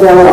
Gracias.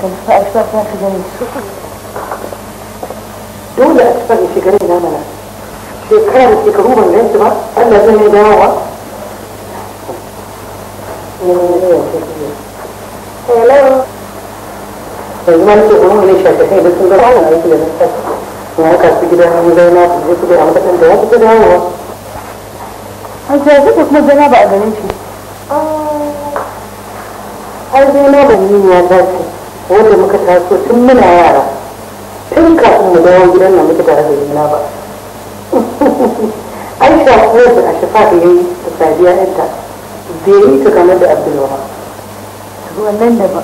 khalifa ashraf za ka gani su dole a cikin shekarun na mana shekara da shekaru ban gan ba Allah zai yi dawowa hello yanzu ma nake gurin ne shafe kai da sun ga ana aiki da nasa na haka su gidan an na su je su da an da ya fi dawowa an ce suka kuma zama ba a ganin shi har zai na ban yi ya dace muka taso tun muna yara tun kafin mu dawo gidan nan muke tare da juna ba aisha kuma da a shafa da yayi da sadiya yanta bai yi ta kamar da abdulwa wannan da ba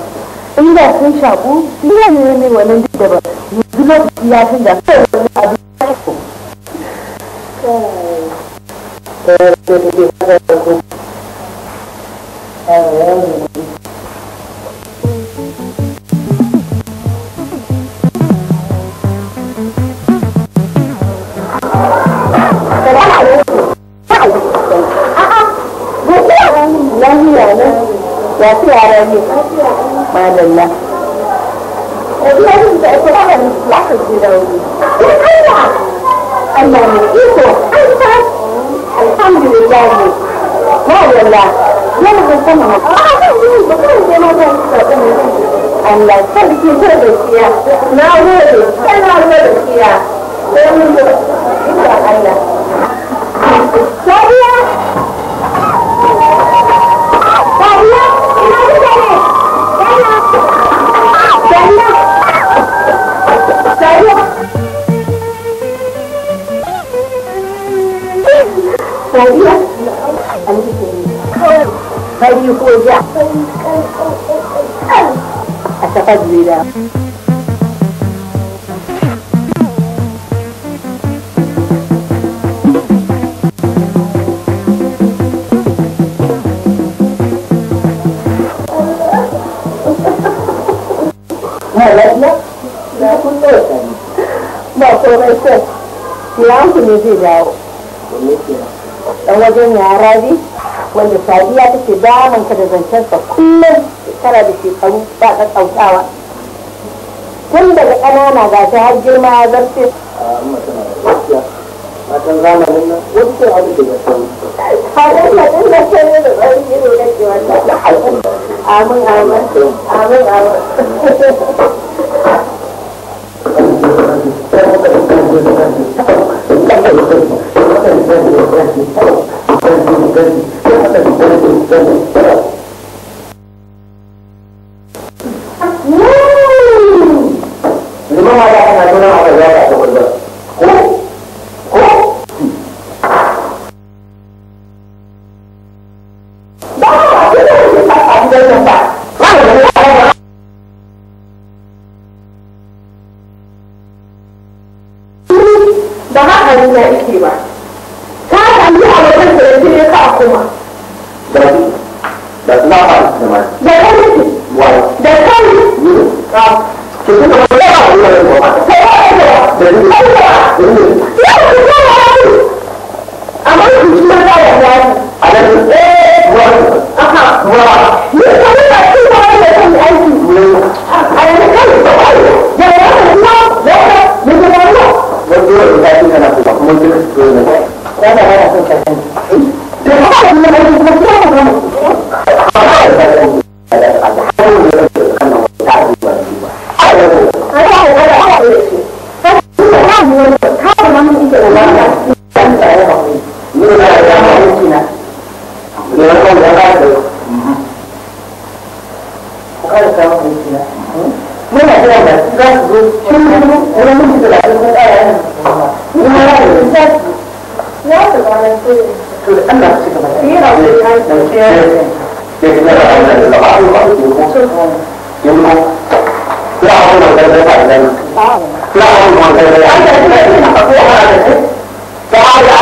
in da sun shaku ina ne ne wannan duk da ba yanzu lokaci ya canza sai wannan abu ya ko yi godiya a tafa zuwa ba komai sai ya wajen yara biyu wanda sadiya take damun ka da zancensa kullum tara da shekaru ba ta tsautawa tun daga ƙanana ga ta har girma ya zarce matan zamanin nan wani ce abu da ya sani haɗin da ɗin da ke ne da tsari ne da ke wannan amin amin amin amin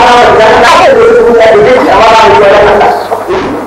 Allah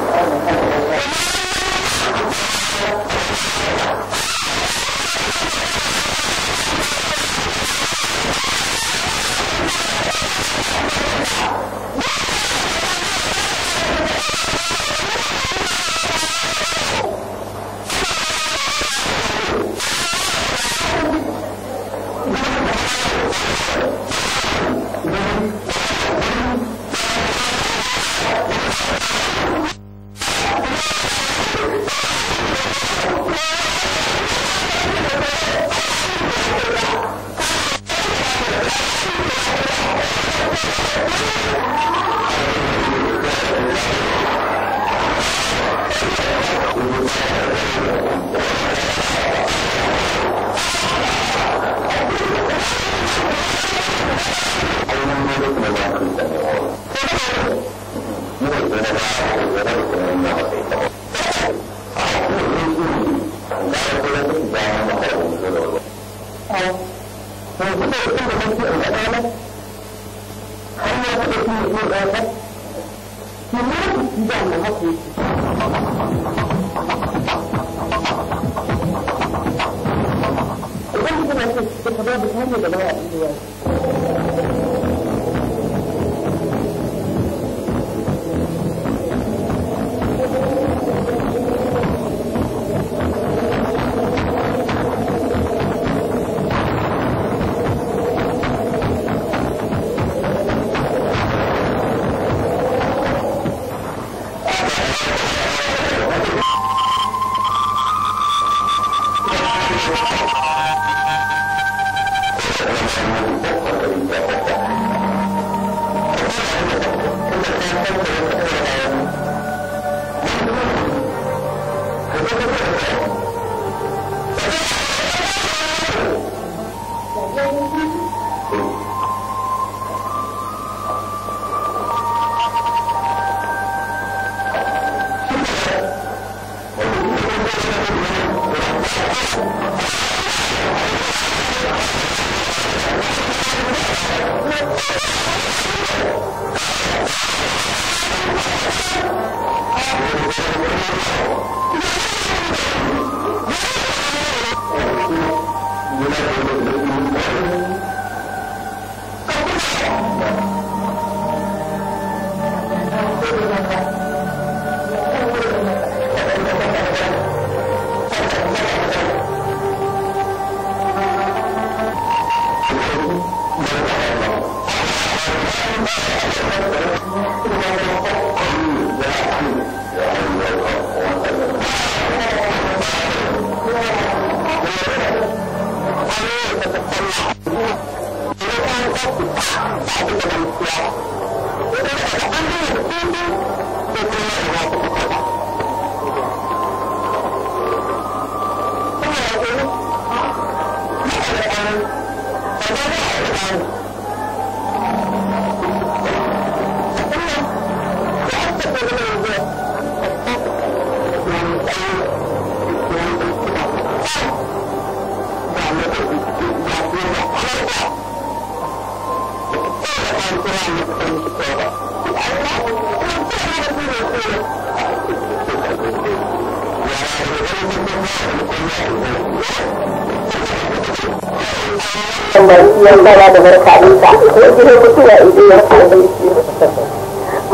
na same ta ko mutuwa idan ya same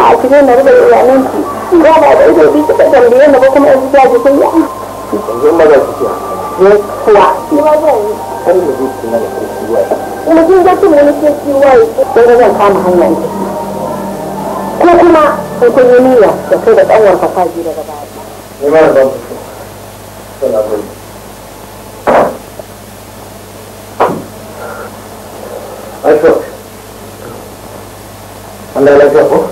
a cikin na rubar iyalan ki ba ba da ido bi tambaye na ba kuma ji ji ya yi maza ne kuwa ni ma zan yi kan da ji kina da kiwa kuma kin ga kin ne ke kiwa ko zan kama hanyar ko kuma in kun yi niyya da kai da ɗan daga baya ne ba da la que hago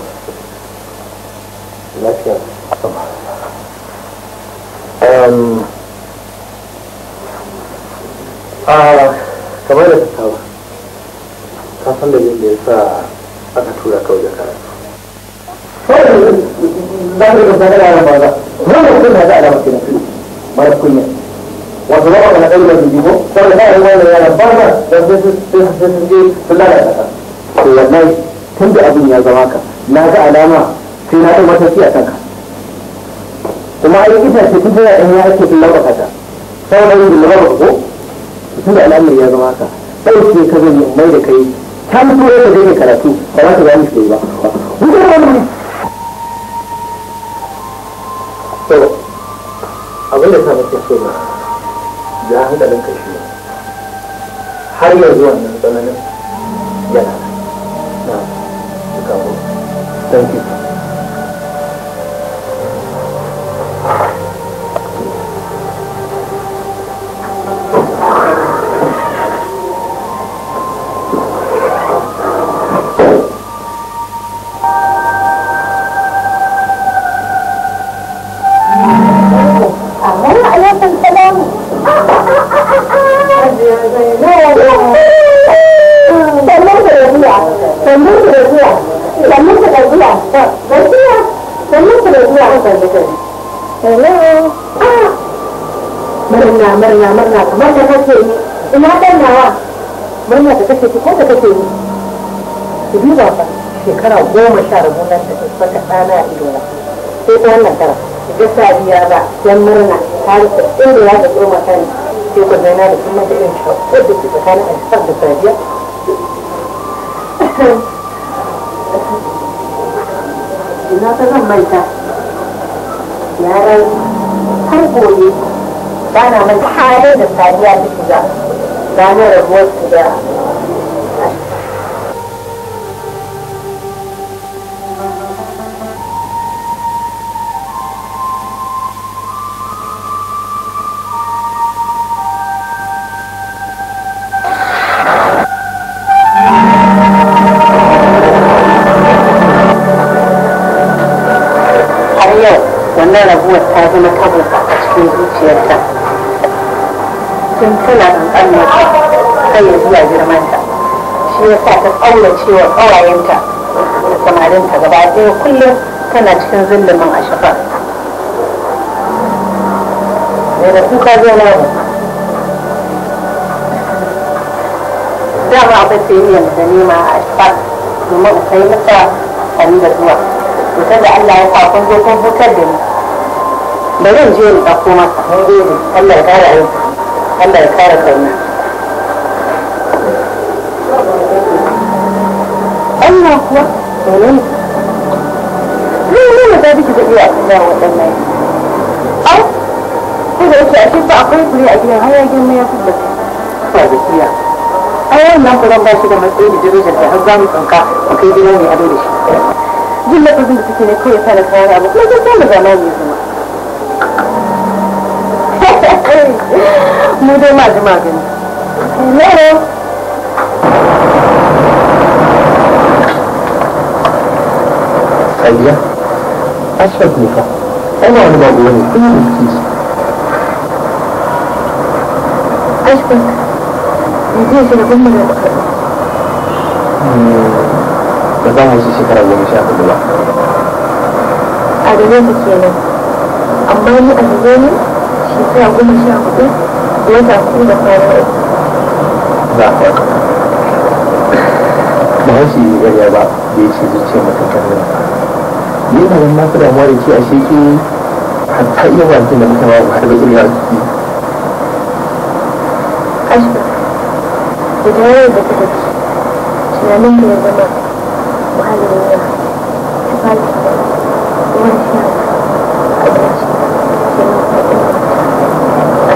kisa ce duk yana ya ake sun laɓaka ta sauran yin laɓaka ko tun da al'amari ya zama haka ɗauke ka zai mai da kai ta mutu ya ka daina karatu ba za ka ba wani to abinda ta mace so ba ya hankalin har yanzu wannan tsananin yana na Thank you. yarinya murna kamar da kake yi ina ɗan nawa murna da kake ko da kake yi ku duba ba shekara goma sha rabu nan da ta ɗana a ido na sai ta wannan tara ga sariya ba yan murna har ta inda ya ga goma ta ne sai ku zaina da kuma da irin shakkar da ke tsakanin alfar da sariya ina ta zan manta yaran har gobe 然我们太累，的材料就是行了，咱的物质的啊。还有，我那儿不 tana da almaci kai ya zuwa girmanta shi ya sa ta ƙaurace wa ƙawayenta da samarinta gaba ɗaya kullum tana cikin zillimin a shafa da kuka zo na mu dama akwai sayayyan da nema a shafa domin a kai masa sami da zuwa to da Allah ya sa kun zo kun hutar da ni bari in je in ɗauko masa Allah ya kare aiki حل يسارة كونها أين أخوة؟ أولين ليه ليه ما تابيش دقيقة أخوة جمعين؟ أو؟ كده إيش أشيب أقريب لي أجل هيا جمعية في البسة طيب إيش بيها؟ أولا نعم قدام باشي كما تقولي جريجة تهزاني فنكا وكي بلاني أدوليش جلة تزيد تكيني كوي ثالث هاي أبو ما جلتان بزاماني يزمان mu dai ma ji magani hello Aliya, asfalt ne ka, ana wani babu wani kuma biki su. Asfalt, yanzu ya shiga gwamnati da baka. Hmm, ba za mu shi A da ne ta kenan, ni a da shekara goma sha hudu da wata hudu da shi gariya ba da ya ce zuciya mata kallon. Ni na nan masu da ke a sheki hatta iya wajen da muka ba ba har da a ciki. Kashi. Idan yau da kuka ci, tunanin da ya zama da yawa ta fara kuma ta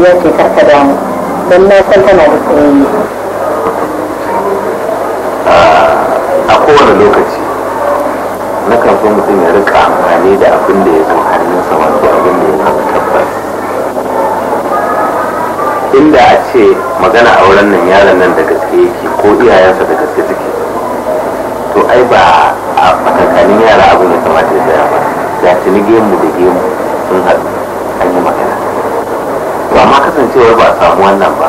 ya ce karka damu don na san tana da tsayi a kowane lokaci na kan so mutum ya rika amfani da abin da ya zo hannunsa wato abin da ya samu tabbas inda a ce magana auren nan yaron nan da gaske yake ko iyayensa da gaske suke to ai ba a tsakanin yara abin ya kamata ya zaya ba ya tuni gemu da gemu sun haɗu amma kasancewar ba a samu wannan ba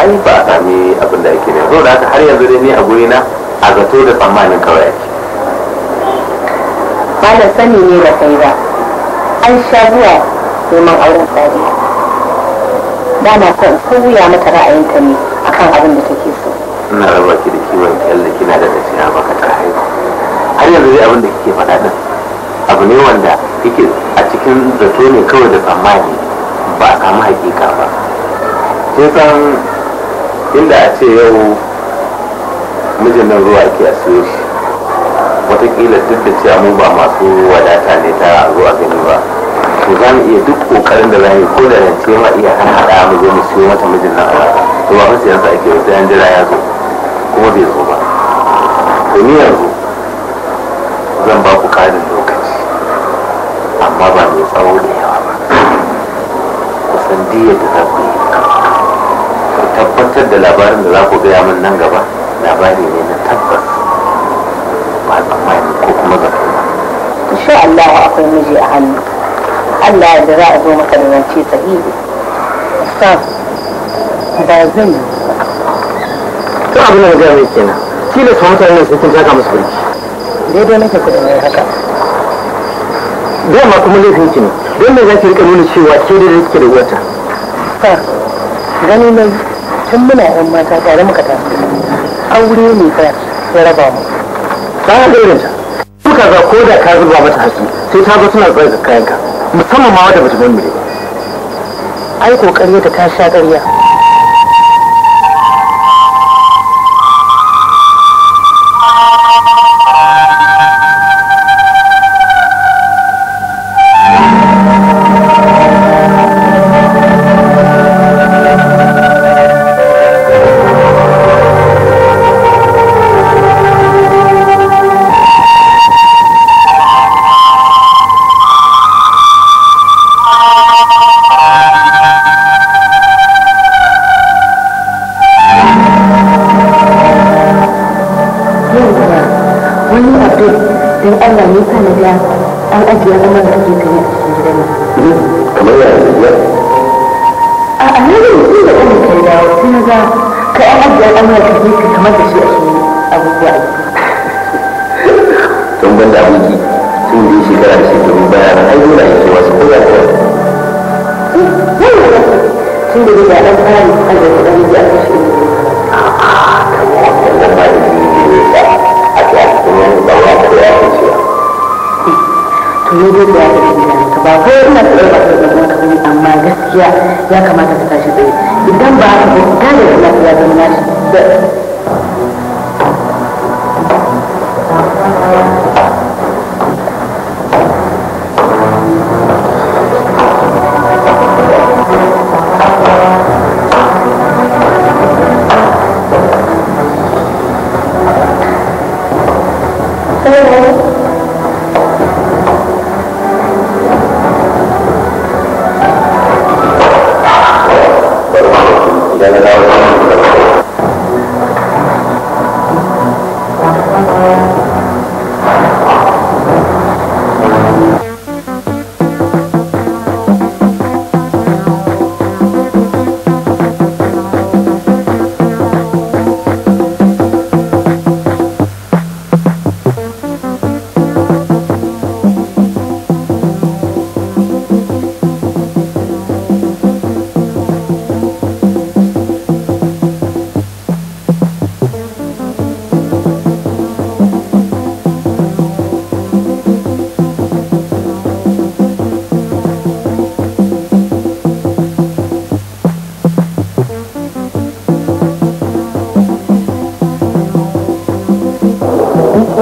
ai ba a sami abin da ake nema saboda haka har yanzu dai ni a guri na a zato da tsammanin kawai ake ba da sani ne da kai ba an sha zuwa neman auren tsari ba na son ko wuya mata ra'ayinta ne akan abin da take so ina raba ki da kiwon kyalle kina da nasiha baka ta haihu har yanzu dai abin da kike faɗa din abu ne wanda kike a cikin zato ne kawai da tsammani ba a samu hakika ba kin san inda a ce yau mijin nan ruwa ke a siyo shi watakila duk da cewa mu ba masu wadata ne ta zuwa gani ba to za mu iya duk kokarin da za mu ko da nan ce ma iya hana da mu zo mu siyo mata mijin nan ba to ba sai sa ake wata yan jira ya zo kuma bai zo ba to ni yanzu zan ba biyar ta zafi ku tabbatar da labarin da za ku gaya min nan gaba labari ne na tabbas ba tsammani ko kuma zato ba insha Allah akwai miji a hannu Allah da za a zo maka da zance sahihi ustaz ba zan yi to abin da gaya shi kenan su mutane su kun saka musu birki daidai nake kudin mai haka dama kuma laifin ki ne don me za ki rika nuna cewa ke da rike da wata gani na yi tun muna yan mata tare muka tafi aure ne ta ya raba mu ba ya irin ta suka ga ko da ka zuba mata haki sai ta zo suna tsaye da kayanka musamman ma wadda bata gani ba ai kokari da ta sha ƙarya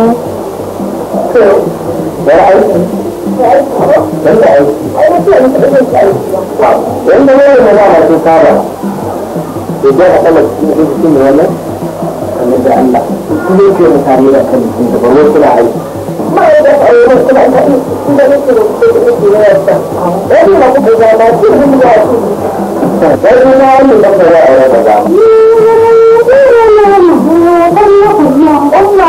Wani aiki? Wanda aiki? Wanda ne da za a ce saba? Da zai haɗa da cikin rikici ne wannan? Kamar da Allah. Su zai ce mutane da kan jikin da ba wai suna aiki. Ma'aikata a yau na da nake da kuɗi da ke yawar Wani na kuɗi da da na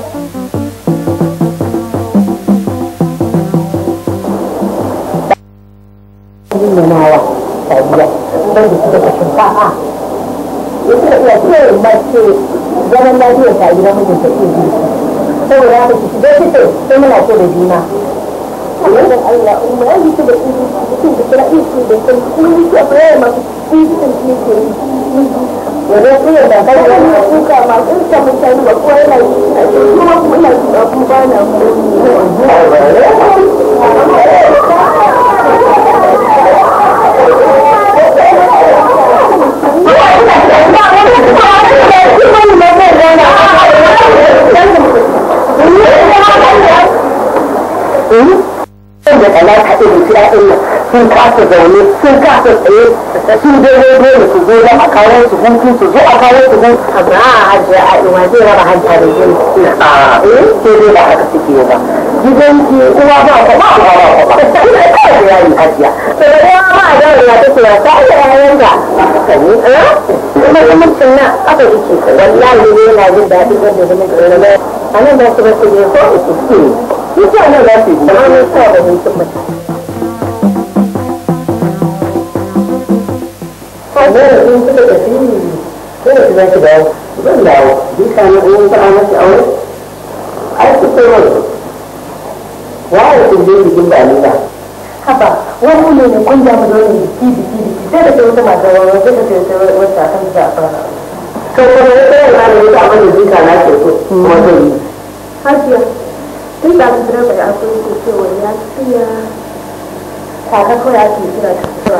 girmamawa sadiya don da suka kashin ya ce ya zaman ta gidan mijinta ke girki saboda ya mace shiga fito sai muna so da juna wannan Allah ya yi da masu da kuma ma da talata irin kira ɗin nan sun kasa zaune sun kasa tsaye sun dai dole su zo a kawo su hutu su zo a kawo su hutu amma a hajji a iwa zai raba hajji da yin a eh dai ba haka suke ba gidanki uwa ba ka ba uwa ba ba ina kawai da yayi sai uwa ba da ya take ya sai ya yanka malamin sunna kafa yake ko wallahi ne yana jin daɗi wanda zama da a nan za su rasu ne ko uku ce shi ce nan za su yi kuma ne sa da mutum mutum ne in kuka da shi ko da za ki dawo zan dawo duka na in ta ana ki aure wani da alila haba wani ulu ne kun damu da wani biki biki biki sai da sai wata wani sai da sai wata wata kan fara to ne sai ne abin da na ke so kuma zai yi hajiya tun da da akwai ko cewa ya tsiya kaka ko ke kira ta kira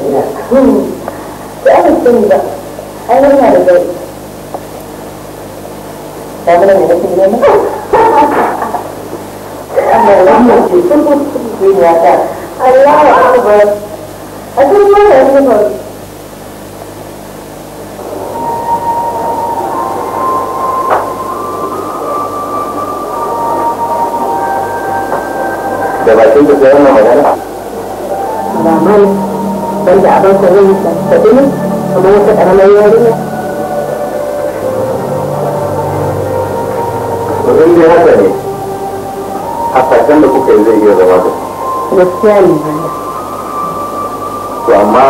Kudin haka ne, hasashen da kuka yi zai iya zama da Gaskiya ne ba. To amma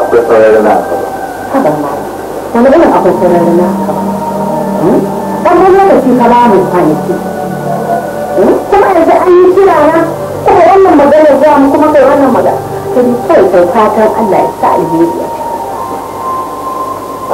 akwai saurari na haka ba. Haba ma, wani akwai saurari na haka ba. Ɗan wani lokaci ka ba mu kwanaki. Kuma yanzu an yi kira na kuma wannan magana za mu kuma kai wannan magana. Kai kai fatan Allah ya sa alheri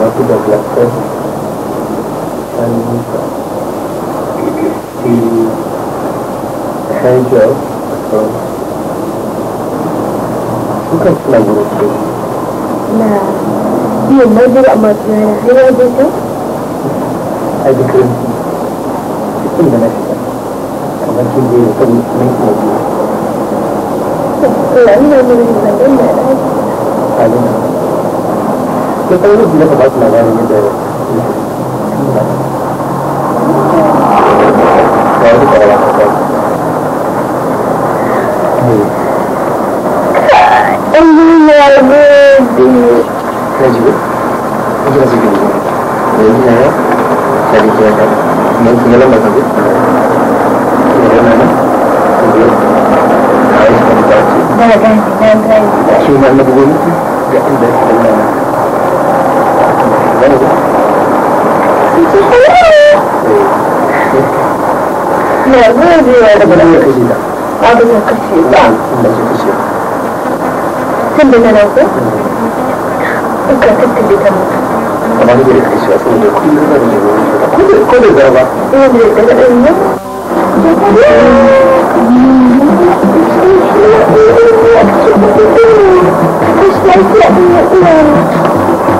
rápida de acesso é muito e Hangel nunca se lembra disso não e o meu dia mais não era era disso é de crime ainda não está como é que ele está muito muito não não não I don't know. da kai musu na ba su labarin yadda Thank you. いや、グージーはだから、あと100種は、全部7個いくら取って出たの玉ねぎの会社はその6人の中に4人だ。これ、これだわ。4人だからいいよ。Thank you.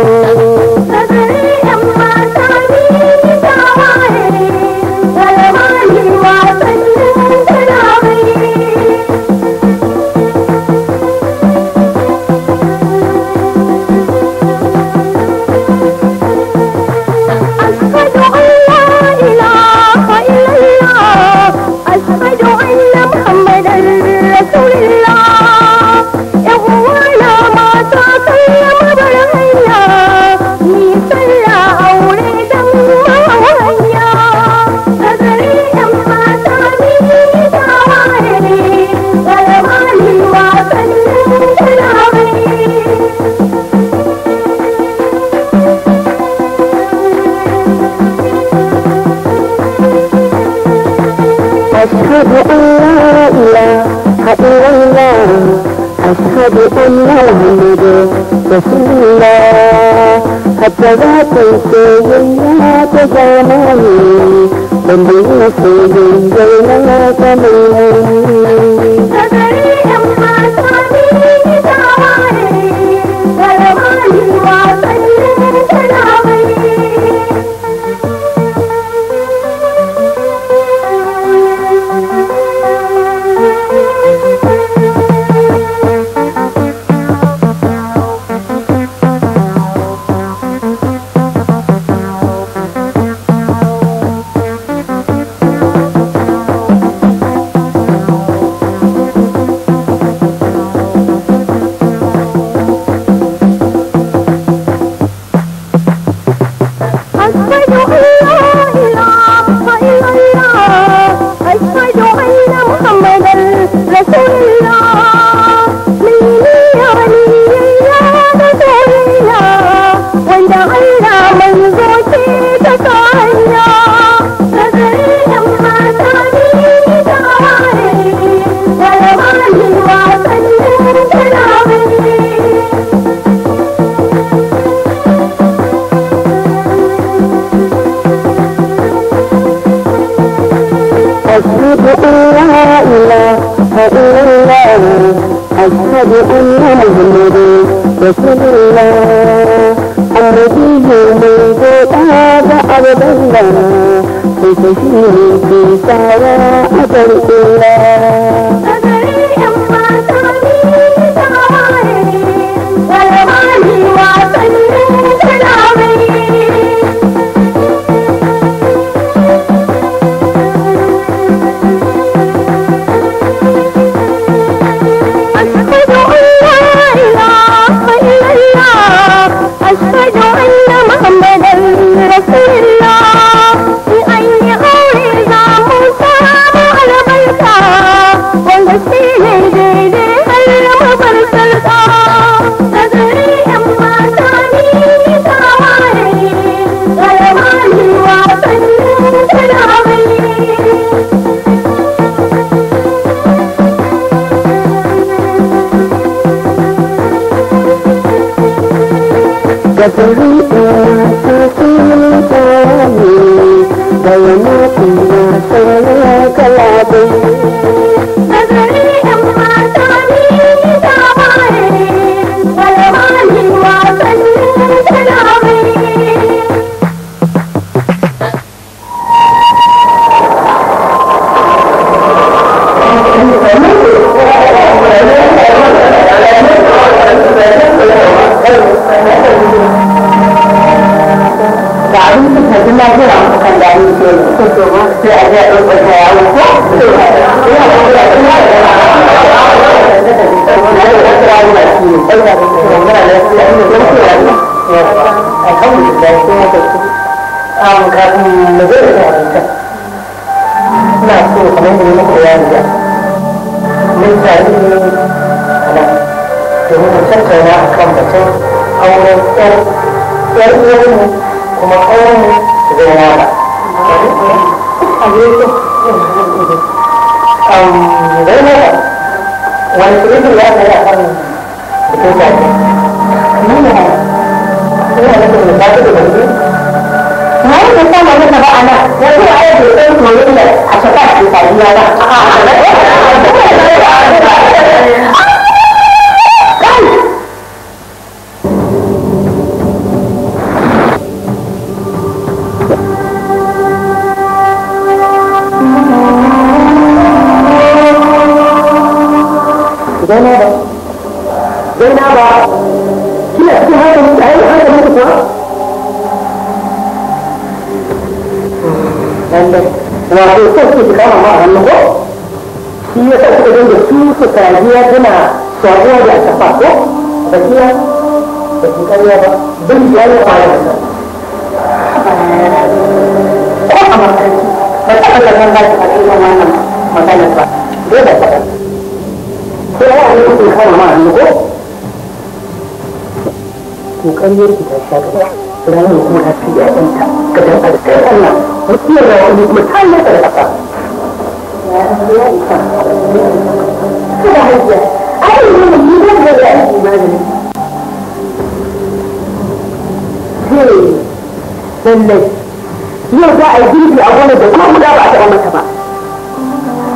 girki a gonar da kuma guda ba a taɓa mata ba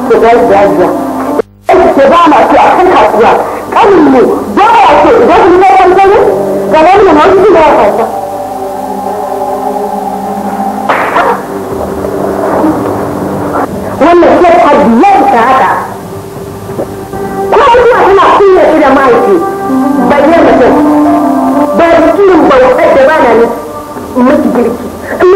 to da jajiya ke ba ma ce a kan kasuwa kanin ne ba ya ce idan kuma ya kwanta ne ga wani ne wani shi ne ya kwanta wannan ke kwalliyar ta haka ko mutuwa tana kunya idan mahaifi bayyana mutum ba da kirin bautar da ba na miki girki musu wanke wanke an yi tambe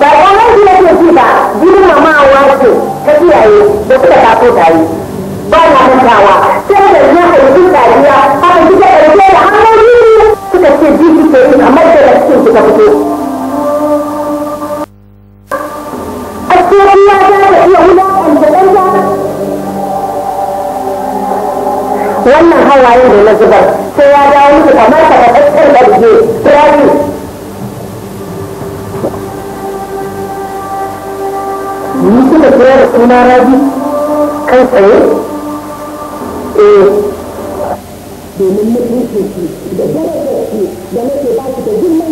ba ƙwarar da yake ji ba girmamawa ce ta iyaye da suka taso tare ba na mantawa sai da na haifi dariya haka kika ɗauke da hanyoyi suka ce ji kike yi kamar da cikin kika fito a cikin ya za ta iya wulaƙanta ɗan wannan hawayen da na zubar sai ya dawo musu kamar tabbatar da ke ni suka kira da suna rabi kai tsaye eh domin mutunci da darajarci da nake ba ki da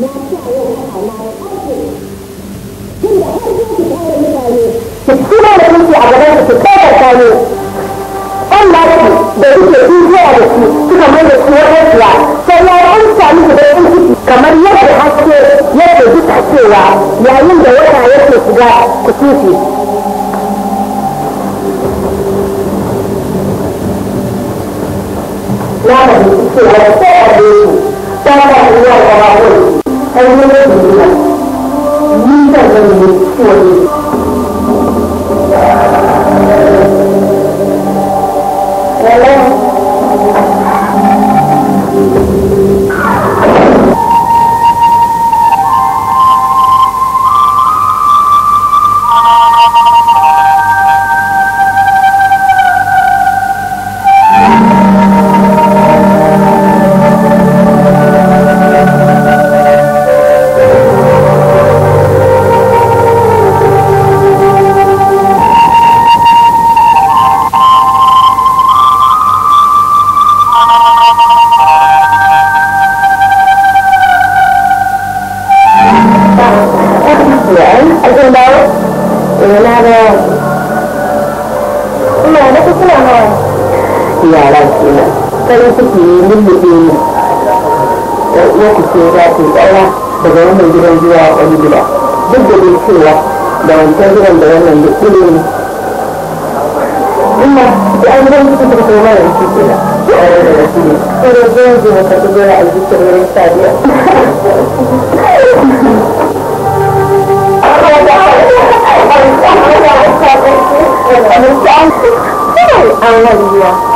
na sa yau haka na ya har kare mutane kuma da a gaban ki ki kai da da zuwa da kamar da su wadansuwa sai ya amsa miki da ciki kamar yadda haske yadda duk cewa yayin da wata yake shiga kusurci na fahimci cewa ko a su ta ta iya kama kai har yi ne duniya ni zan zama ne ciwo wani kai suke yi lulluɓe ne ya uwa ce za daga wannan gidan zuwa wani gida duk da dai cewa da wancan gidan da wannan da ne da an gidan su suka kai yanki ke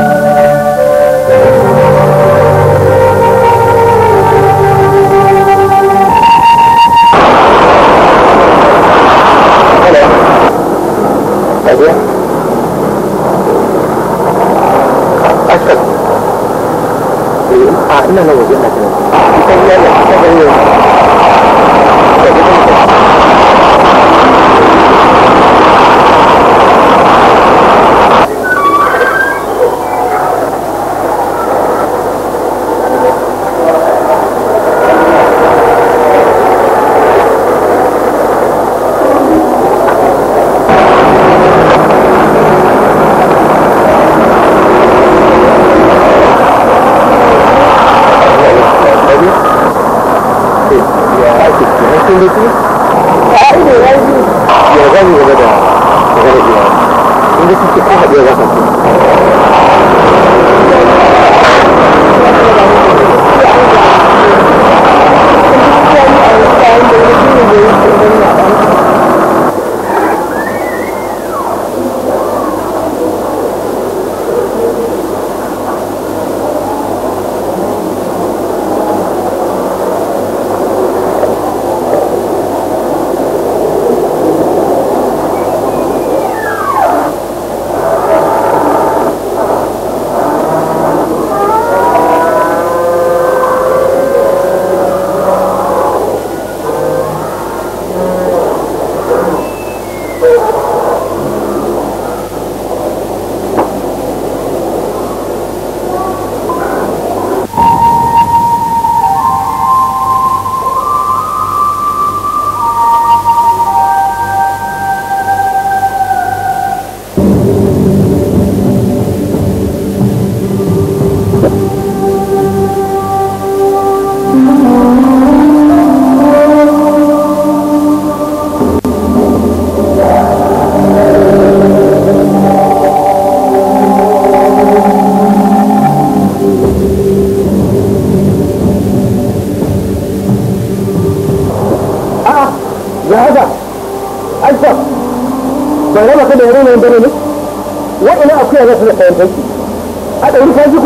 那那我就没去了，你参加的，你参加的，你参加的。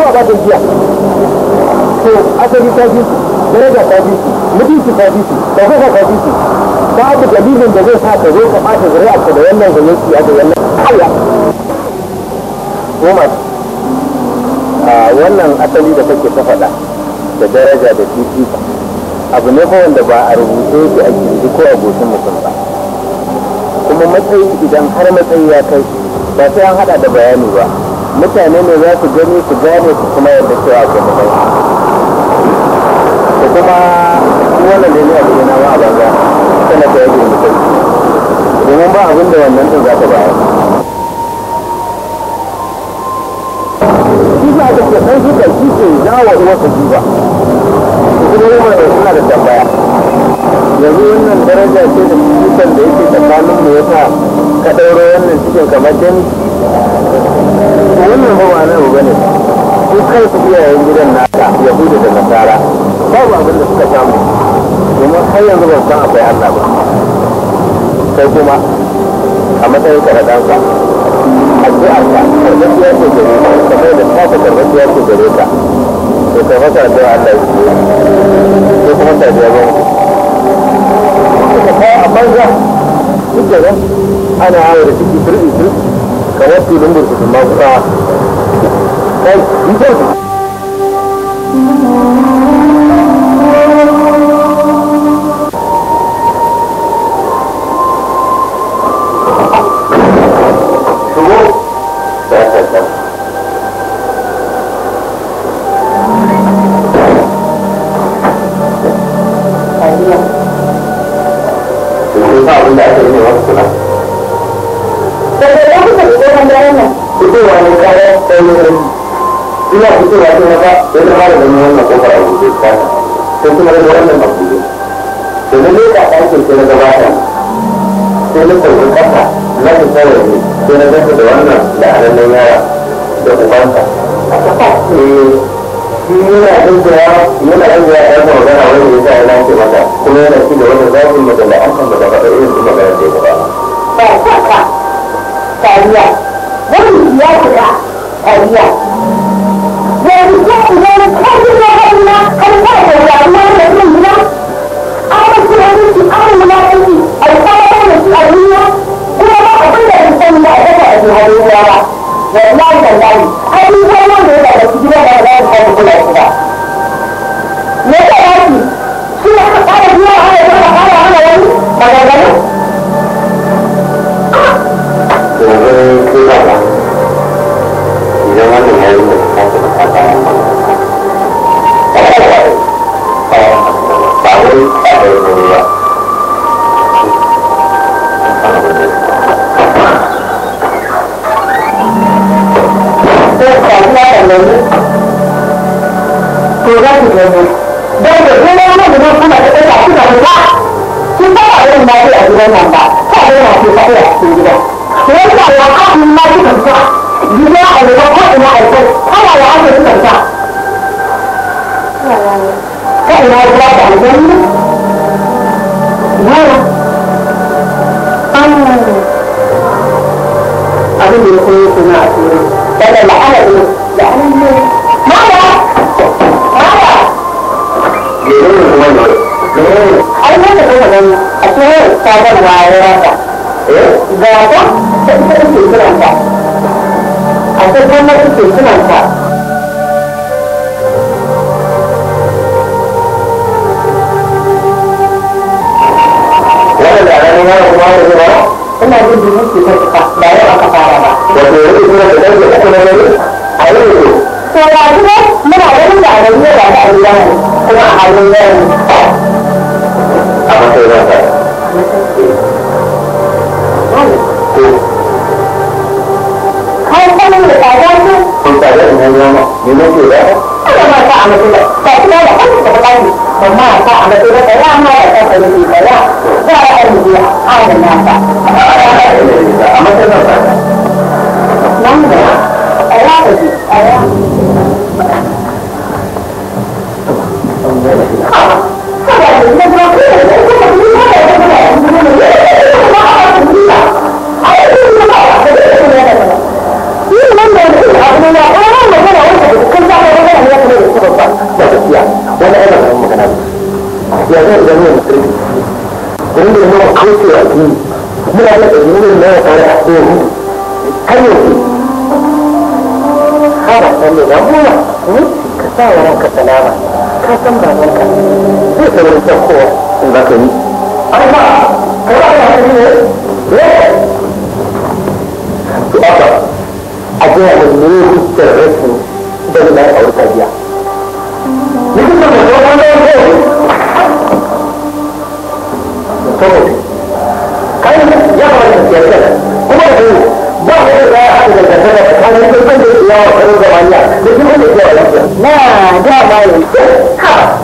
a ba ta giya to asali ta daraja ta mutunci ta fi ɗaukaka ta babu dalilin da zai sa ka zo ka ɓata zuri'arka da wannan ganyanci a da wannan Allah goma wannan asali da kake ta faɗa da daraja da fifiko abu ne fa wanda ba a rubuce yake a kirji ko a goshin mutum ba kuma matsayi idan har matsayi ya kai ba sai an haɗa da bayani ba mutane ne za su gani su gane su kuma yadda cewa ke da kai da kuma wannan da ne a cikin nama a banza tana ta yadda mutum domin ba abin da wannan din za ta bayar shi ba da ke ɗan hukar shi ke jawo uwarsa shi ba kuma yi mana suna da tambaya yanzu wannan daraja ce da hukar da yake tsakanin mu ya sa ka ɗauro wannan cikin kamar wannan ba wa abu bane su kai su iyayen gidan naka yahudu da nasara babu abin da suka samu domin har yanzu ban san akwai allah ba sai kuma a matsayin ka da ɗansa addu'ar ce gare ka kamar da ta ta karɓar ce gare ka to kai masa addu'a allah ya ce ko kuma ta biya ba ka kawo a banza duk da ana hawa da ciki turbi turbi kamar filin burkutu ma kusa kai kowa in za ka yi ai kai ba ka yi ne to aka a gaya da ne hujjar rashin da na yi aure tabiya mutum da mutum ne ya zai saboda ne ya kamata ka siyar kuma da ba ka yi zai haɗu da gantara da ne yi kan da ya wa karin zamaniya da kuma da ya wa lafiya na dama yanzu ha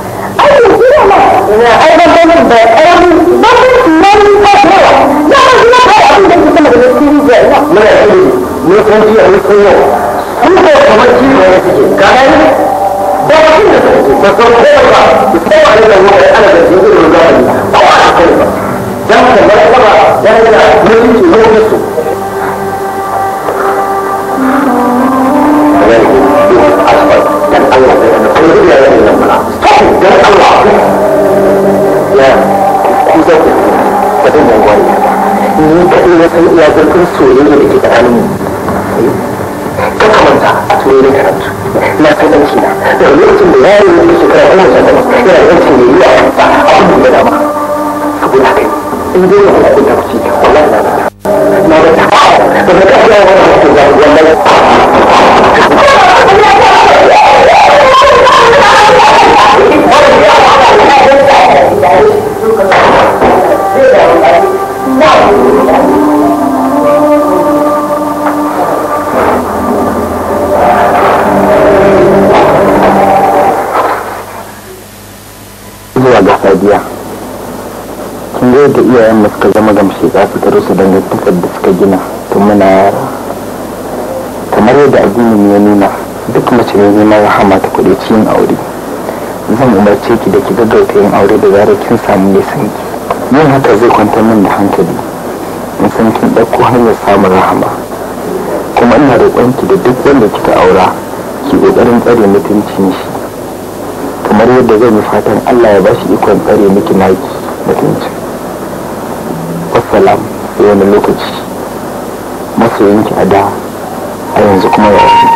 ai bambancin ba ƙaramin bambancin na yi ta yawa na ba yawa muna yi ne ne ko kamar ciwo ne suke ne ne dan Allah ya ku za ku ba zan yi wani ni na san iya zurfin soyayya da ke tsakanin mu ka kamanta a turai karatu na san daga lokacin da ya shekara yana yi a kansa da dama in dai wallahi na ba ta ba ba ta ba ta ba ta ba ta ba ta ba ta zuwa ga sadiya kin ga yadda iyayenmu suka zama gamshiga su taro su dangantakar da suka gina tun muna yara kamar yadda addinin ya nuna duk mace mai neman rahama ta kuɗe yin aure zan umarce ki da ki gaggauta yin aure da zarar kin samu nisan ki yin haka zai kwanta min da hankali san kin ɗauko hanyar samun rahama kuma ina roƙonki da duk wanda kika aura ki ƙoƙarin tsare mutuncin shi kamar yadda zan yi fatan allah ya ba shi ikon tsare miki naki mutuncin wassalam a wani lokaci masoyinki a da a yanzu kuma ya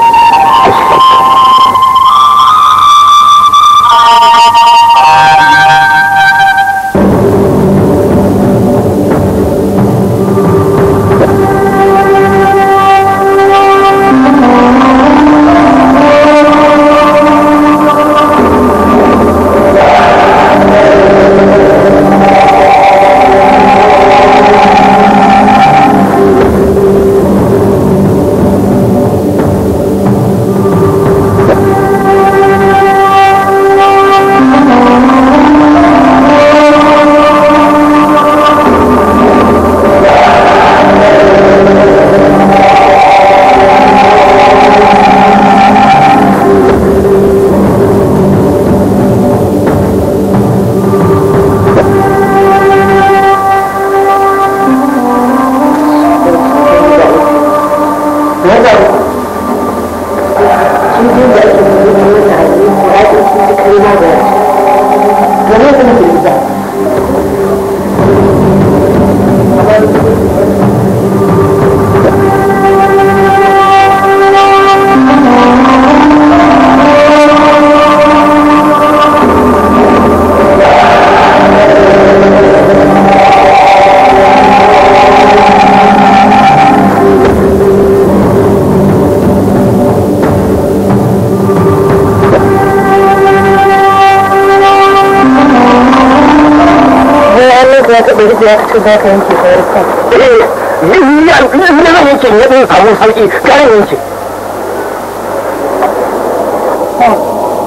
ya fito za ka yanke kawar kan. Eh, ni ne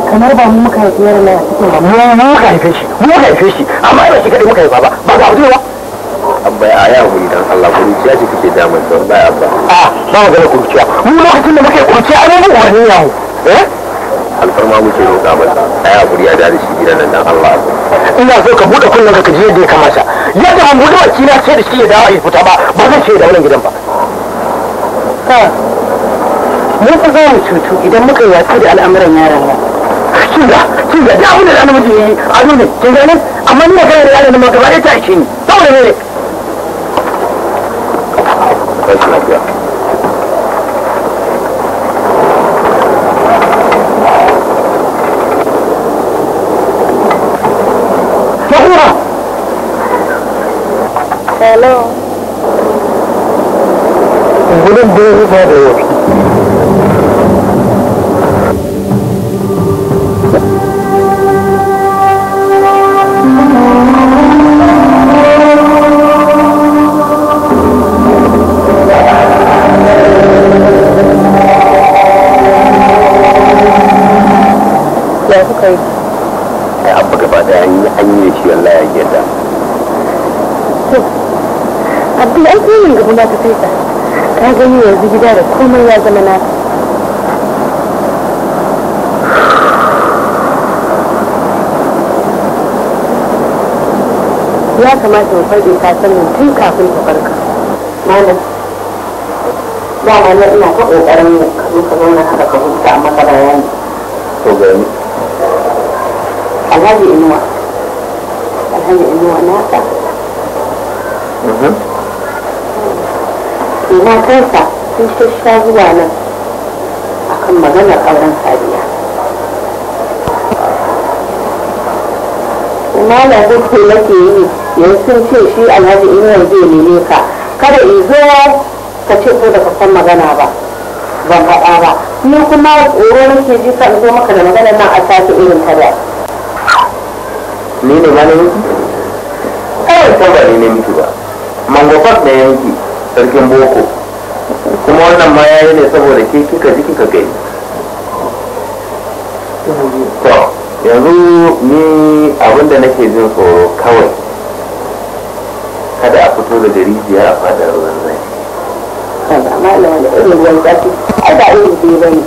kamar ba mu muka haifi yaron nan a cikin ba. Mu muka haife shi, mu muka haife shi, amma ba shi kaɗai muka haifa ba, ba ba ba. Abba ya ya huri dan Allah kuruciya ce kike damar don ba abba. Ah, ba magana kuruciya. Mu lokacin da muka yi kuruciya an yi mu wani yahu. Eh? alfarma muke roƙa masa ai hakuri ya dare shi gidan nan dan Allah ina so ka buɗe kunnen ka ji yadda ya kamata yadda ban buɗe wacce na sai da shi ya dawo a fita ba ba zan ce da wannan gidan ba mun fa za mu cutu idan muka yi watsi da al'amuran yaran nan kin ga kin ga da abin da namiji yayi a dole kin ga ne amma ni magana da yaran nan ma gaba ɗaya ta ishe ni saboda ne ne no, de ellos gida da komai ya zama naka ya kamata mu farbe ka sanin tun kafin ka farka malam dama na ina ta kokarin ka ka zauna haka ka huta amma ka bayani to gani alhaji inuwa alhaji inuwa na ta mhm. ina kansa sun shasha zuwa nan a kan maganar auren sadiya malam duk ke nake yi yanzu sun ce shi alhaji inuwar zai neme ka kada in zo ka ce ko da kafan magana ba ban faɗa ba ni kuma tsoro nake ji kan zo maka da maganar nan a sake irin ta da ni ne ma na yanki kawai san ba ne na mutu ba mangofat na yanki sarkin boko kuma wannan ma yayi ne saboda ke kika ji kika gani to yanzu ni abinda nake jin tsoro kawai kada a fito da rijiya a fadar ruwan zai kada malama da irin ruwan zafi kada irin dai bane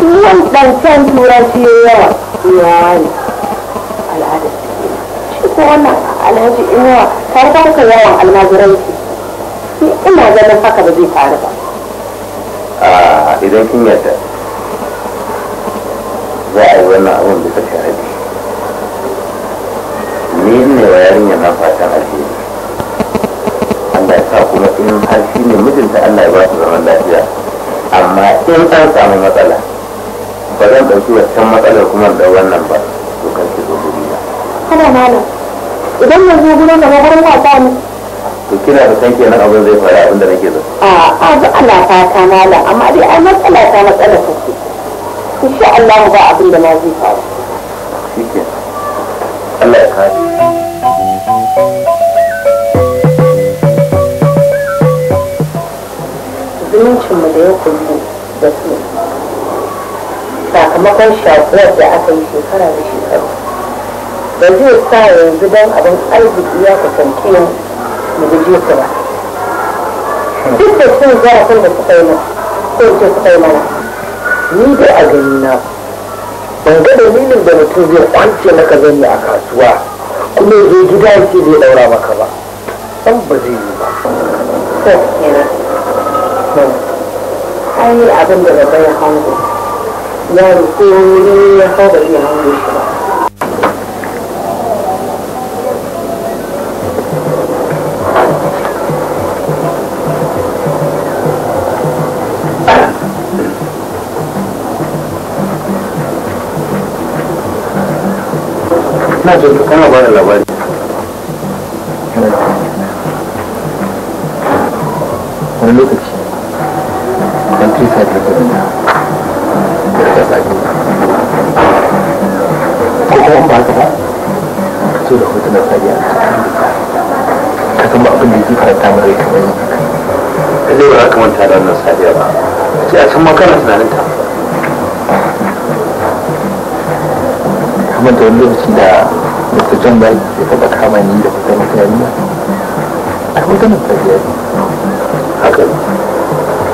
ruwan dan can turanci yawa yawa ne al'ada shi ko wannan alhaji inuwa ka ka yawan almajiranci ina ganin haka ba zai faru ba idan kin yadda za a yi wannan abin bisa sharadi ni ne wa yarinya na fatan alheri Allah ya sa kuma in har shi ne mijinta Allah ya ba su zaman lafiya amma in an samu matsala ba zan ɗauki wancan matsalar kuma da wannan ba to kan ki zo gurina. Kana malam idan yanzu gudun da na gurin wasa ne to kina da san kenan abin zai faru abin da nake zato a a ba Allah fata mala amma dai ai matsala ta matsala take insha Allah ba abin da na zai faru shike Allah ya kare zumuncin mu da ya kullu da su sakamakon shakuwar da aka yi shekara da shekara ba zai sa yanzu don abin arziki ya kusance mu da zarge su ba duk da cin zarafin da suka yi mana ko ce su yi mana ni dai a gani na ban ga dalilin da mutum zai kwance maka zan yi a kasuwa kuma zai je gida ce zai daura maka ba san ba zai yi ba hmm. ai abin da babba ya hango yaro ko ya hau da iya hango shi ba na jin kana ba da labari wani lokaci country side da kuma da ta sake ko kuma ba ka so da hotunan sage a cikin ka san ba abin da yake faranta mara kamar yi. Kalle ba za ka manta da wannan sadiya ba. Ce a san ma kana tunanin ta. kuma da wani lokaci da mr john bai ya taba kama ni da wata mutane a maganin tsariya yi. haka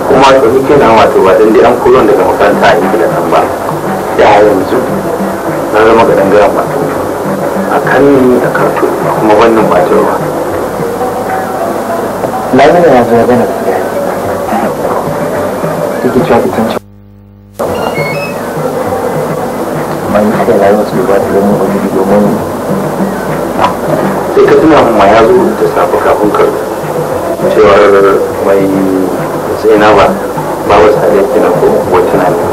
kuma da muke na wato ba dan dai an kulon daga makaranta a ingila nan ba ya yanzu na zama ga dangaren ba a kan a karto ba kuma wannan ba ta ruwa na zama yanzu ya gana da ya yi take cewa ita ce kan rayuwar su ba ta zama wani domin sai ka tuna ma ya zo da safe kafin ka cewar mai zainaba ba wasu sadiya kina ko wata na ne eh.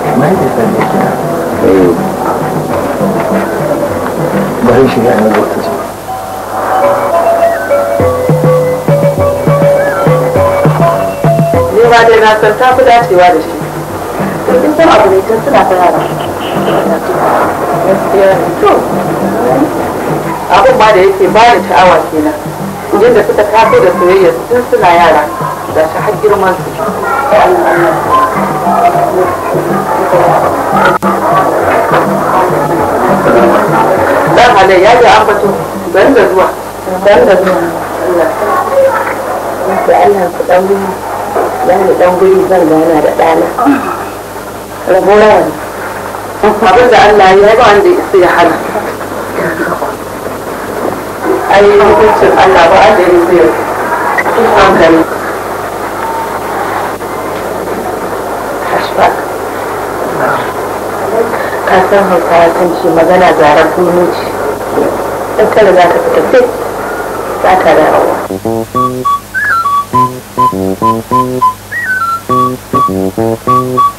ka mai da sadiya kina bari shi ya nan wata ce ma dai na san ta fi dacewa da shi. Kin san abu ne tun suna fara abin ma da yake bani sha'awa kenan idan da suka taso da soyayya tun suna yara da shi har girman su dan halai ya ga ambato bari da zuwa bari da zuwa da Allah ku dan guri zan gana da ɗana rabowa ne هبص قال لها هيبقى عندي اختي حد اي بص قال لها بقى دي زيرو شوف كان حشبك kasan hausawa sun ce magana gara gumi ce in kada za ka fita fit za ka dawowa Thank you.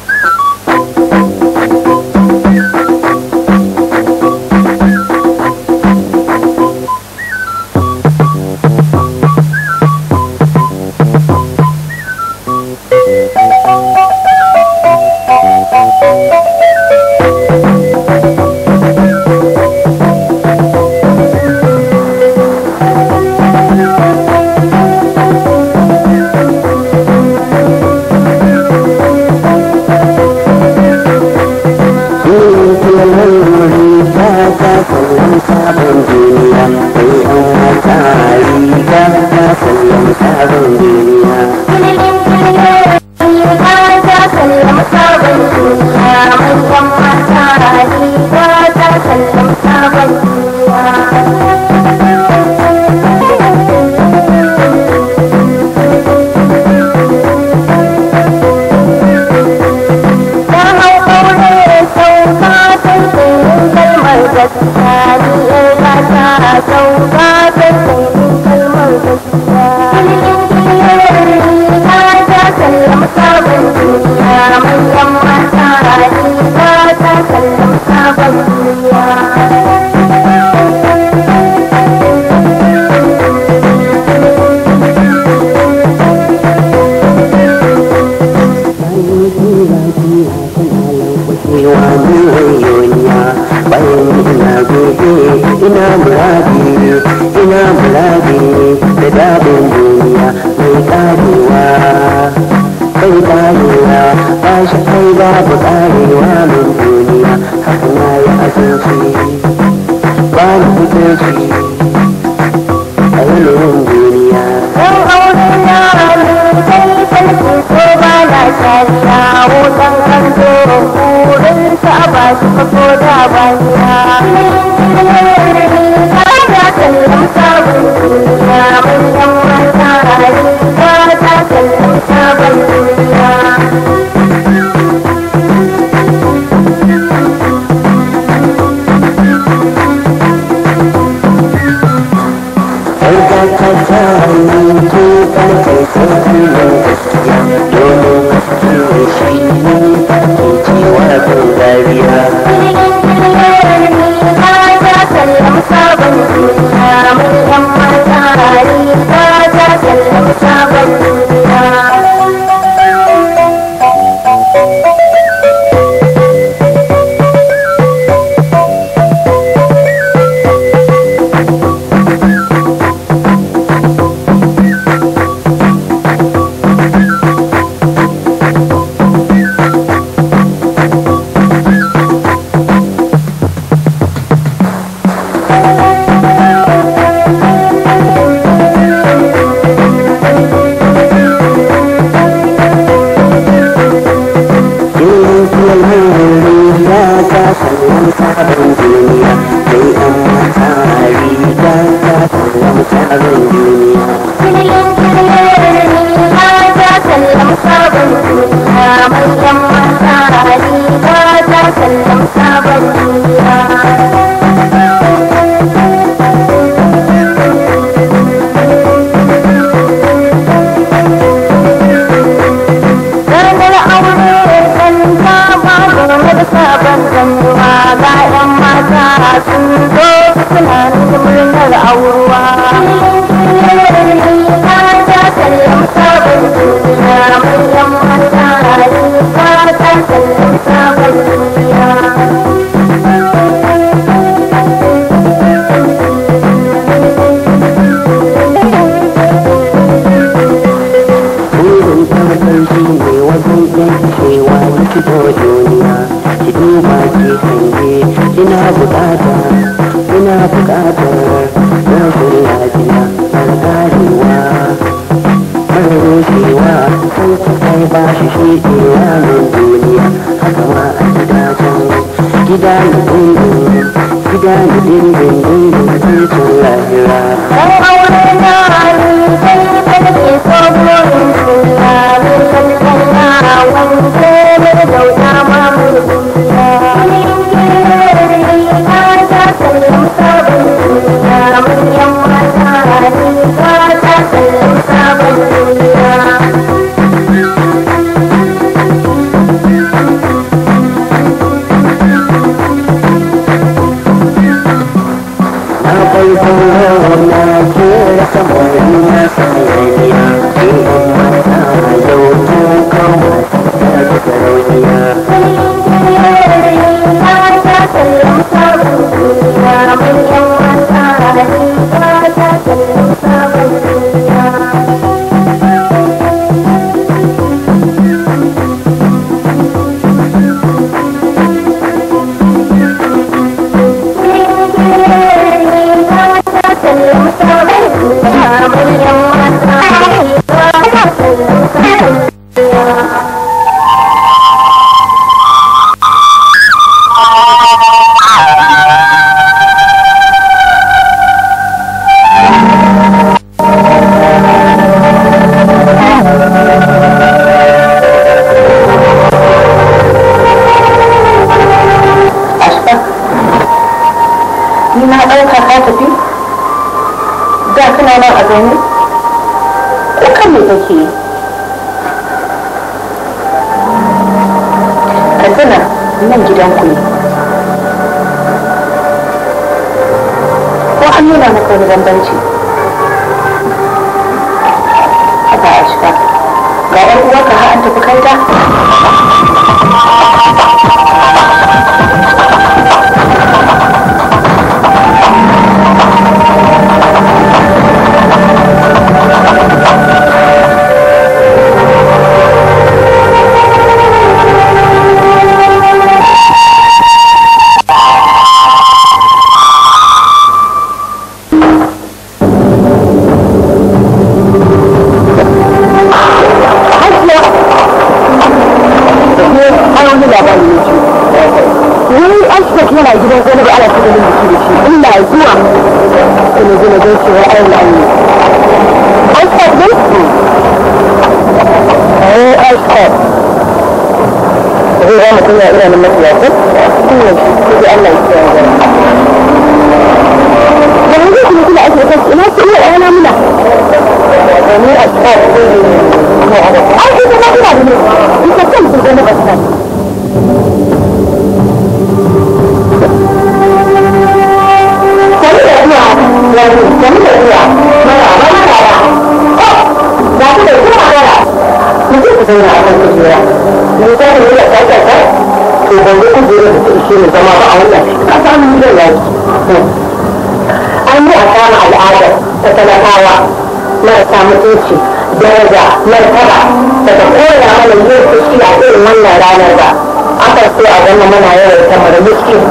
mutanen mu muna yawan sama da miskin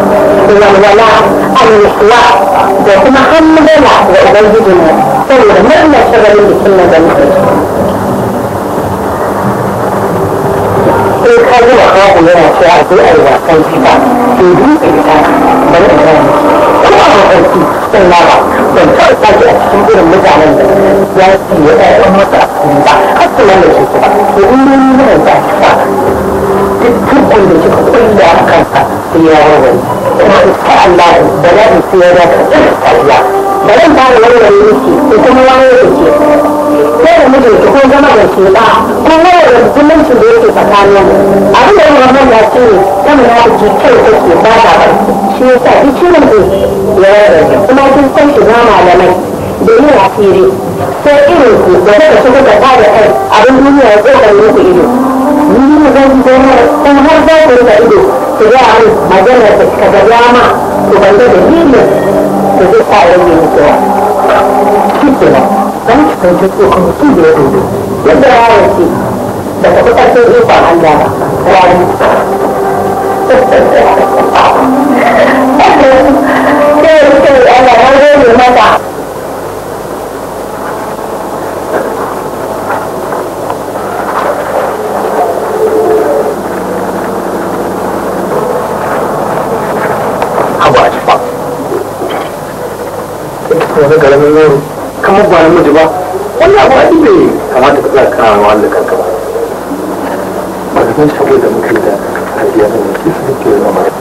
walwala annashuwa da kuma hannuna ga ubangijin mu saboda murnar shagalin bikin nan da muke sai ka zuwa kawo yana cewa a zo a yi wasan fita to dutse ta bari in kuma a mafarki sun laba ban taɓa a cikin irin mutanen da ya ce ya ɗaya ɗan masa ba har su lalace su ba to in dai ni muna za a duk dukkan da kika kulla a kansa sai ya warware kuma insha Allah da za mu sai ya da kariya da zan fara warware miki ko kuma wani da ke ko da mijin ki ko zama da ke ba ko warware zumunci da yake tsakanin abin da yin wannan ya ce ne kan na ji kai take ba ta ba shi yasa duk ciwon da ya warware kuma kin san shiga malamai da yin asiri sai irin ku da kuka shiga da kai abin duniya ya tsokar muku ido ni ne zan ji zai har za ku rika ido ku ga abin magana da ka ga dama ku ban da dalilin da zai sa ya yi ni kewa shi ke nan don ki san mutum da ya dodo yadda ya ce da ka fi ƙarfin ikon Allah ba rayu Thank you. wani karamin yaro kamar ba namiji ba wani abu haɗi bai kamata ka tsaka kana wa Allah kanka ba ba da san shago da muke da hajiya da muke suke zama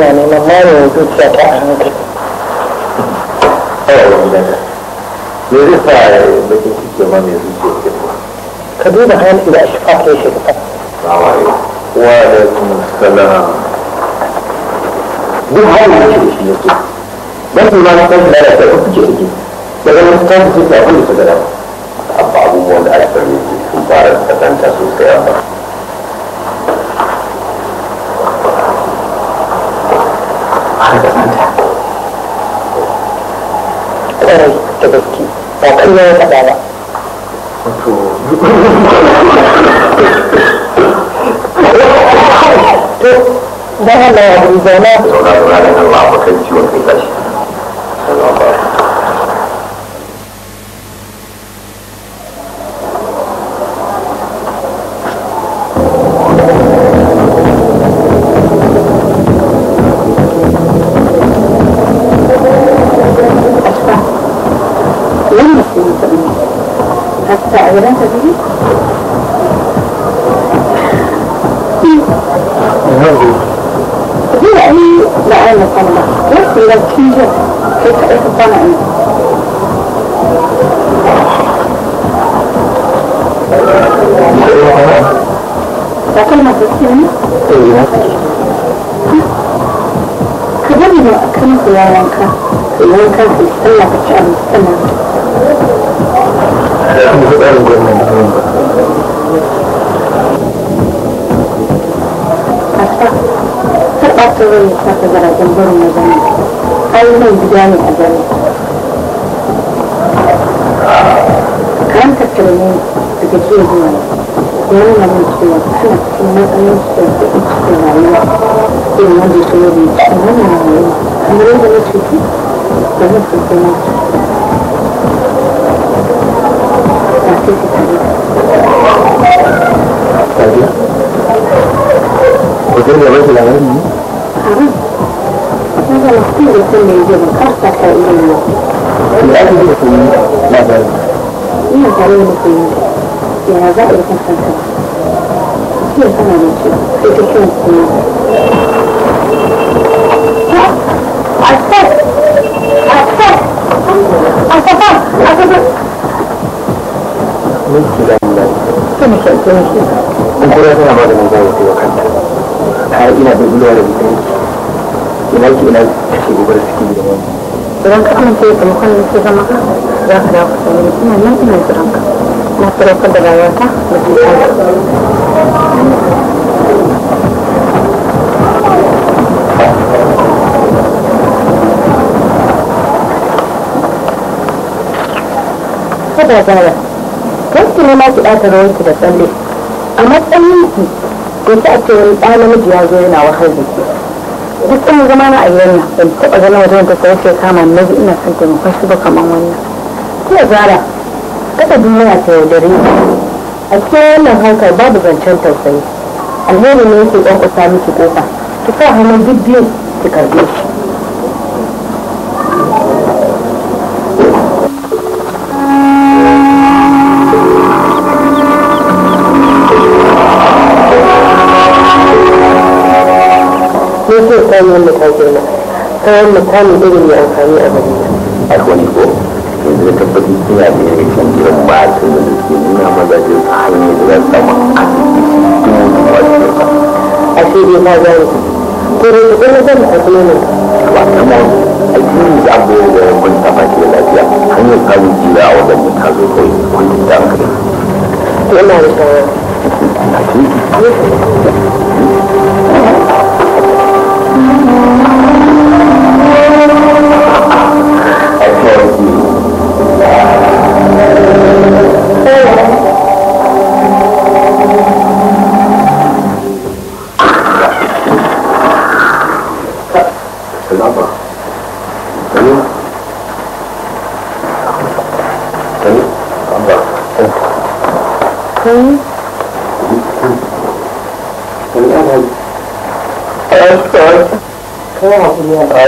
no neman mare dukiyata cewa a kan su ya wanka su yi wanka su yi sallah ka ci abinci sannan karɓa ta rai ta ta zarafin barin na zama ainihin gida ne a gari kan tattalin da ke zuwa ne nuna min na na na na ya za a yi kasanta shi sana da shi sai ta kiran suna Asaf! Asaf! Asaf! Asaf! Mun ci da mu da. Kuma shi kuma shi. Mun kuma tana ba da mun zai yi kanta. Har ina da gulwa da bikin. Ina ki ina kashe gobar suke da wani. Idan ka amince da mukan da ke zama za ka dawo ka sami ina nan ina jiranka. na sadaukar da rayuwata da ke da zara wasu ne masu ɗata rawarki da tsalle a matsayin matsayinki da ta ce wani ɗa namiji ya zo yana wahal da ke duk ɗan zama na ayyar nan ban taɓa ganin wajen da ta yake kama na ina son taimakon shi ba kamar wannan kuma zara kada duniya ta yaudare a cikin wannan hankali babu zancen tausayi alheri ne yake ɗan kusa miki kofa ki sa hannun duk biyu ki karɓe shi ne ke irin mai amfani a gari yanzu da tabbatar suna da rashin girma ta da suke nuna mazajen su hanyar da zan samu arziki su dubu da wasu ba a shi dai ka gani ko da ka gani zan ka kuma ne ba kama addini za mu yi da yankun sama ke lafiya hanyar samun jira a wajen ta zo kawai kullum da hankali. Yana da shawara. ce. ya haƙuri Ya haƙuri.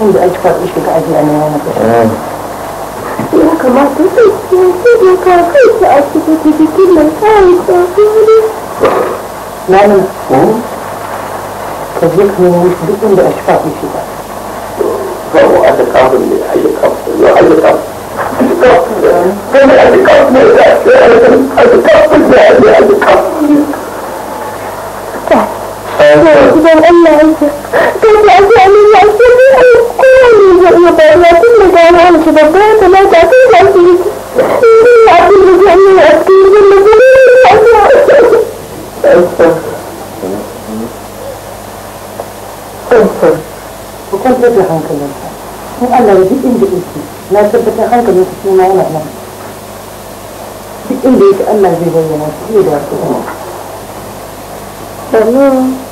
Inda ake faɗi shiga aji a nema mata. Ya sai sai لا مفهوم كذلكم مشبك بأشفاق الشتاء فهو هذا الأمر لأي قصد لأي قصد إذا أنا عايزة كنت عايزة أنا Ecco. Ecco. Ku kwantar da hankalinka. In Allah ya duk inda yake, na tabbatar hankalinka shi ma yana nan. Duk inda yake Allah zai bayyana shi da su. Sannan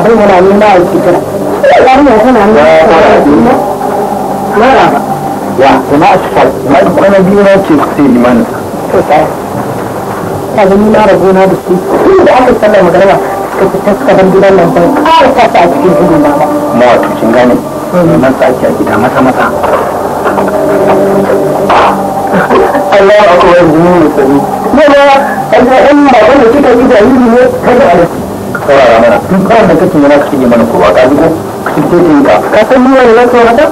abin yana nuna a cikin yarinya tana nuna a cikin mara ba ya kuma a cikin mai kwana biyu na ce sai limanin to sai ta zama na rabu na da su tun da aka sallar magana ka fita suka ban gidan nan ban ƙara sa su a cikin gudu na ba mawatu kin gane mm. nan tsaki a gida mata mata Allah akwai ne sani. Yau ma, ɗan ɗan ba wanda kika yi da yi ne kada a ka saurara mana duk fara da kake yana kake mana kowa ka zuko ka kake tekin ka ka san ni wani lafiya wata.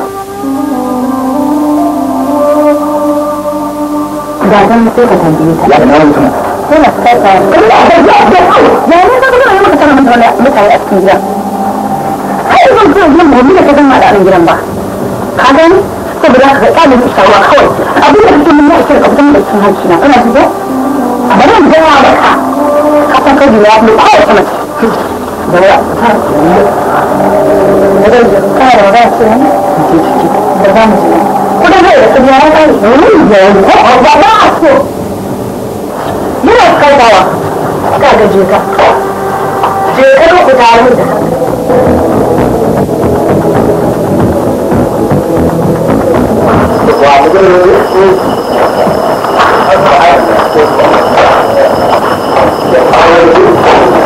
ga san sai ka tambaye ta ya na mutum yana ka ka ya ne ka ga maka kana mun wala mutane a cikin gida ai ban ga mun ba mun ka zama a anan gidan ba ka gani saboda ka ga Ka shi shawa kawai abin da kake mun ya shi ka fitan cikin hanci na kana ji ba a bari ga ka ka san ka ji ya ne kawai kana da ne ka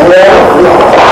Yeah.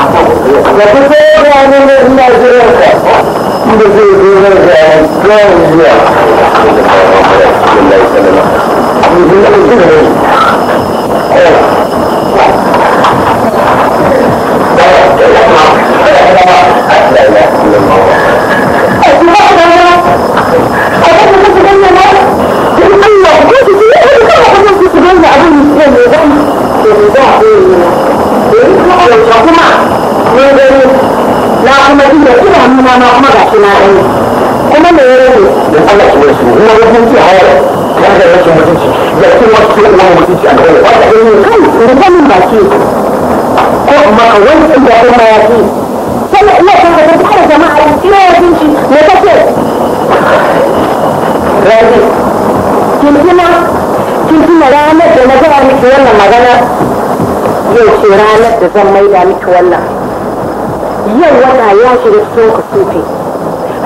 da fito ranar da ina jiran ka inda na da yawon zuwa Thank yaushe kuma ne gani na kuma ji da kina nuna na kuma gashi na gani kuma me ya ne dan Allah ki wasu kuma wajen ci hayar kan da rashin mutunci da kin wasu ko kuma a gaba wanda ya yi eh, kai rufa min baki ko amma ka wani ɗin da kuma ya ci ne ina ka tafi kare jama'a ina yakin shi me kace Rabi, kin tuna, kin tuna ranar da na gaya miki wannan magana yau ce ranar da zan maida miki wannan yau wata ya shiga cikin ku sufi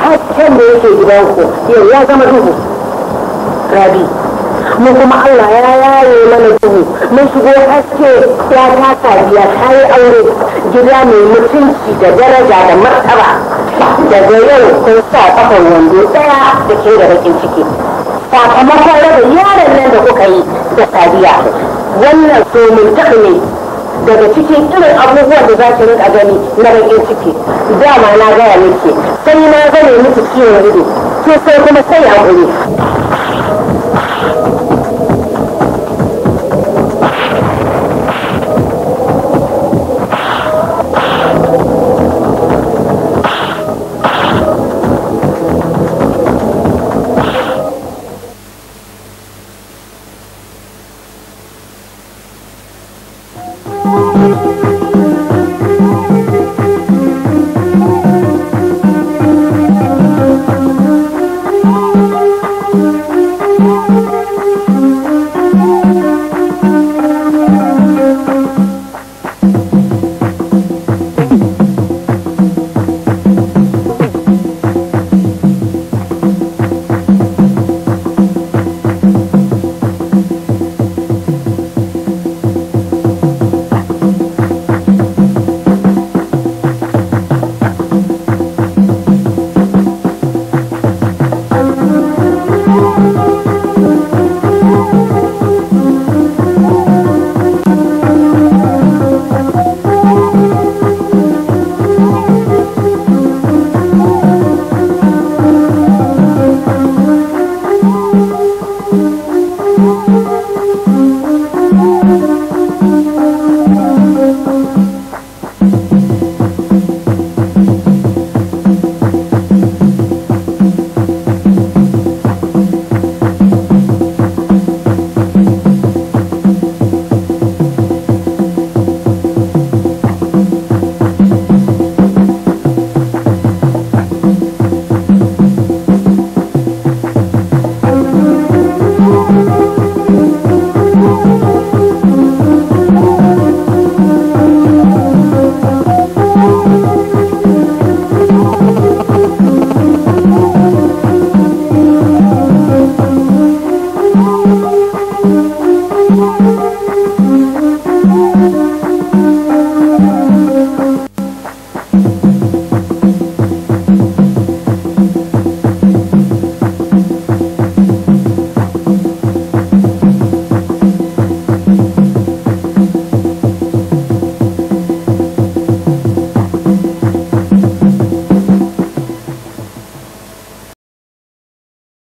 har can da yake gidanku yau ya zama duhu rabi mu kuma Allah ya yaye mana duhu mun shigo haske ya ta tafiya ta yi aure gida mai mutunci da daraja da martaba daga yau kun sa kafar wando daya da ke da bakin ciki sakamakon raba yaron nan da kuka yi da sadiya wannan so mun tafi ne daga cikin irin abubuwan da za ki rinka gani na rage ciki dama na gaya miki sai na gane miki ciwon ido sai kuma sai a